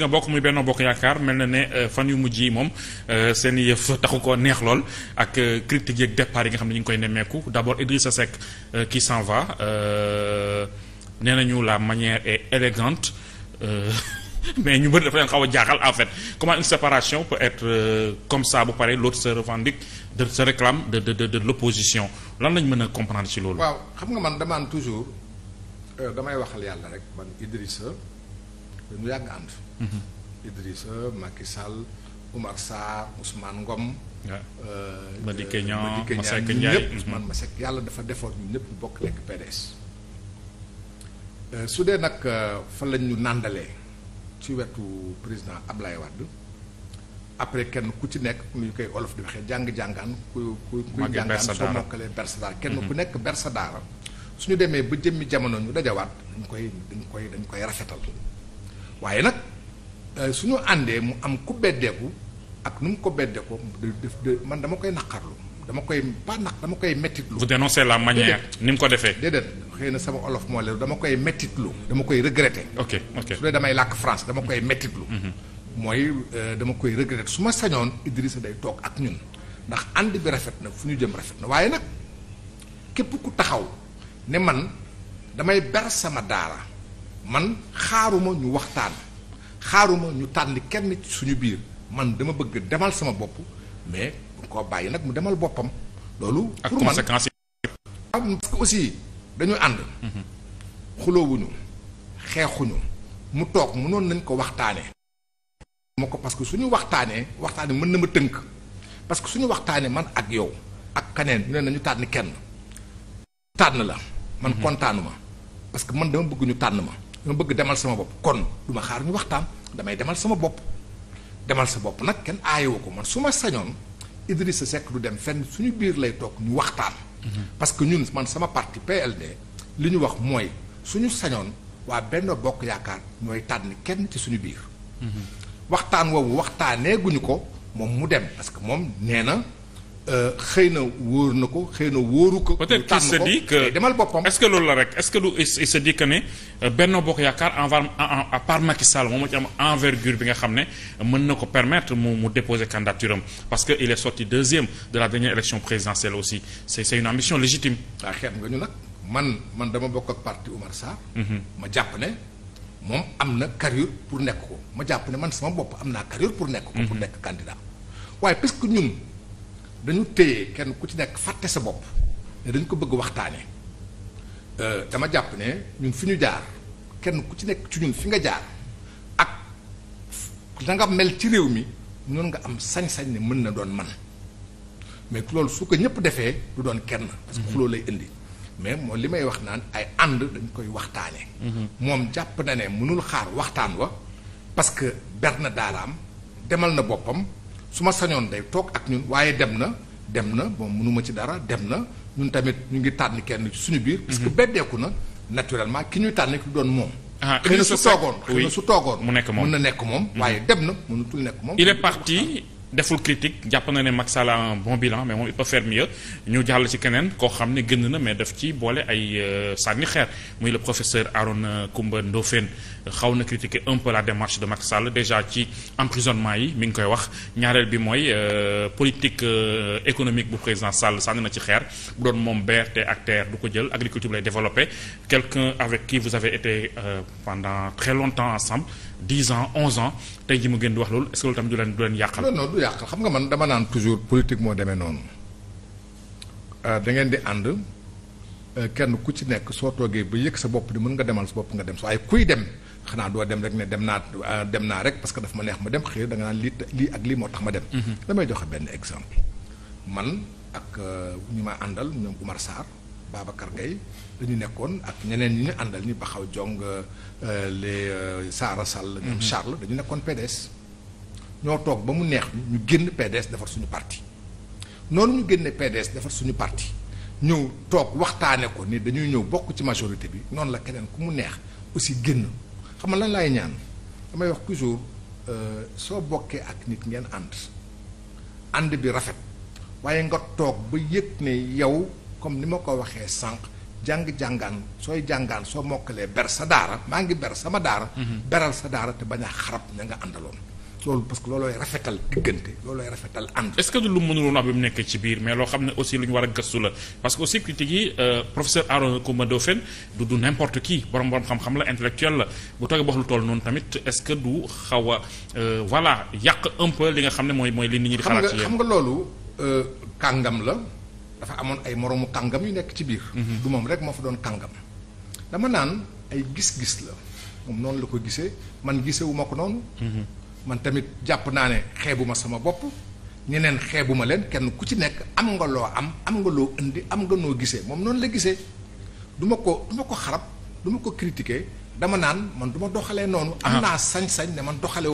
nga bokk muy Benno Bokk Yaakaar mel na ne euh, fan yu mujj yi moom euh, seen yëf taxu ko neex lool ak euh, critique yeeg départ yi nga xam ne ñu ngi koy nemmeeku d'abord Idrissa Seck qui s'en va nee nañu la manière est élégante mais ñu bëri dafa leen xaw a jaaxal en fait comment une séparation peut être comme ça bu pare l'autre se revendique de se réclame de de de de l'opposition lan lañ mën a comprendre ci loolu. waaw xam nga man damaan toujours damay waxal yàlla rek dañu yàgg ànd mm-hmm. Idrissa Macky Sall Oumar Sarr Ousmane Ngom Madické Niang Masseck Ndiaye ñëpp Ousmane mm-hmm. Masseck yàlla dafa defoon ñu ñëpp bokk lekk PDS euh, su dee nag euh, fa lañ ñu nàndalee ci wetu président Ablaye Wade après kenn ku ci nekk nu ñu koy olof di waxee jàng-jàngaan ku ku kuy jàngaan soo mokkalee bersadaar kenn mm-hmm. ku nekk su ñu demee ba jëmmi jamono ñu dajawaat dañ dañ koy dañ koy rafetal waaye nag euh, suñu àndee mu am ku beddeeku ak nu mu ko beddeko man dama koy naqarlu dama koy pas naq dama koy mettitlu. vous la manière ni mu ko defee. déedéet xëy na sama olof moo dama koy mettitlu. dama koy regretter. ok su dee damay làkk France dama koy mettitlu. Mm-hmm. mooy euh, dama koy regretter su ma sañoon Idrissa day toog ak ñun ndax ànd bi rafet na fu ñu jëm rafet na waaye nag képp ku taxaw ne man damay ber sama daara. man xaaruma ñu waxtaan xaaruma ñu tànn kenn suñu biir man dama bëgg demal sama bopp mais bu ko bàyyi nag mu demal boppam loolu. pour man parce que aussi dañu ànd. Mhm. xuloowuñu xeexuñu mu toog mënoon nañ ko waxtaanee. ma ko parce que suñu waxtaanee waxtaanee mën na ma tënk parce que suñu waxtaanee man ak yow ak kaneen ñu ne nañu tànn kenn tànn la. man mhm. kontaanuma parce que man dama bëgg ñu tànn ma. dama bëgg demal sama bopp kon du ma xaar ñu waxtaan damay demal sama bopp demal sa bopp nag kenn aayewu ko man su ma sañoon sa Seck du dem fenn suñu biir lay toog ñu waxtaan mhm. parce que ñun man sama parti PLD li ñu wax mooy suñu sañoon waa benn bokk yaakaar ñooy tànn kenn ci suñu biir mhm. waxtaan woowu waxtaanee guñu ko moom mu dem parce que moom nee na Euh, xëy na wóor na ko xëy na wóoru ko. peut-être qu'il se dit que demal boppam. loolu la rek est-ce que du il se dit que ne euh, Benno Bokk bi nga xam ne mën na ko permettre mu mu déposer candidature am parce que il est sorti deuxième de la dernière élection présidentielle aussi c'est c'est une ambition légitime. waaw xeet nga ñu nag man man dama bokk ak parti Oumar Sarr. Mhm. ma jàpp ne moom am na carrière pour nekk ko ma jàpp ne man sama bopp am naa carrière pour nekk ko. pour mhm. nekk candidat waaye puisque ñun. dañu téye kenn ku ci nekk fàtte sa bopp ne dañ ko bëgg waxtaane euh, dama jàpp ne ñun fi ñu jaar kenn ku ci nekk ci ñun fi nga jaar ak na nga mel ci réew mi noonu nga am sañ-sañ ne mën na doon man mais loolu su ko ñëpp defee du doon kenn parce xuloo lay indi mais moo li may wax naan ay ànd dañ koy waxtaane mhm. moom jàpp na ne mënul xaar waxtaan wa parce que ber na daaraam demal na boppam su ma sañoon day toog ak ñun waaye dem na dem na bon mënuma ci dara dem na ñun tamit ñu ngi tànn kenn ci suñu biir. parce que mhm. beddeeku na naturellement ki ñuy tànn du doon moom. ah xëy na su toogoon xëy na su toogoon. mu nekk moom mën na nekk moom. Mhm. waaye dem na mënatul nekk moom. il est parti deful critique jàpp na ne Macky Sall bon bilan mais moom il ñu jàll ci keneen koo xam ne gën na mais def ci boole ay euh, sànni xeer muy le professeur Arona Coumba Ndofène. xaw na critiquer un peu la démarche de Macky Sall déjà ci emprisonnement yi mi ngi koy wax ñaareel bi mooy euh, politique euh, économique bu président Sall sànni na ci xeer bu doon moom beer ak TER du ko jël agriculture lay développer quelqu'un avec qui vous avez été euh, pendant très longtemps ensemble dix ans onze ans tey ji mu gën di wax loolu est-ce que loolu tamit du leen du leen yàqal. non xam nga man dama naan toujours politique moo deme noonu da ngeen di ànd. kenn ku ci nekk soo toogee ba yëg sa bopp di mën nga demal sa bopp nga dem so ay kuy dem xanaa doo dem rek ne dem naa euh, dem naa rek parce que daf ma neex ma dem xëy danga nga naan lii lii ak lii moo tax ma dem. Mhm. damay joxe benn exemple. man ak euh, ñi ma àndal ñoom Umar Sarr Babacar Gueye nekkoon ak ñeneen ñi ñu àndal ñu baxaw jong euh, les Saara Sall. ñoom mhm. Charles dañu nekkoon pedes ñoo toog ba mu neex ñu génn PDS defar suñu parti noonu ñu génne PDS defar suñu parti ñëw toog waxtaane ko ni dañuy ñëw bokk ci majorité bi noonu la keneen ku mu neex aussi génn. xam nga lan laay ñaan damay wax toujours euh, soo bokkee ak nit ngeen ànd ànd bi rafet waaye nga toog ba yëg ne yow comme ni ma ko waxee sànq jàng-jàngaan sooy jàngaan soo mokkalee ber sa daara maa ngi ber sama daara mhm. beral sa daara te bañ a xarab ña nga àndaloon loolu parce que loolooy rafetal diggante loolooy a bi mu nekk ci biir mais loo xam ne aussi lu a gëstu la parce que aussi critique yi euh, professeur xam-xam la intellectuel la bu toogee wax lu toll noonu tamit est-ce que du xaw a euh, li nga xam ne mooy mooy li nit ñi di xalaat ci yéen xam nga loolu euh, kàngam la dafa amoon ay moroomu kàngam yu nekk ci biir. Mhm. du moom rek moo fa doon kàngam. dama naan ay gis-gis la moom noonu la ko gisee man gisee wu ko noonu. Mhm. man tamit jàpp naa ne xeebuma sama bopp ñeneen xeebuma leen kenn ku ci nekk am nga loo am am nga loo indi am nga noo gisee moom noonu la gisee du ma ko du ma ko xarab du ma ko critiquer dama naan man du ma doxalee noonu. am naa sañ-sañ ne man doxale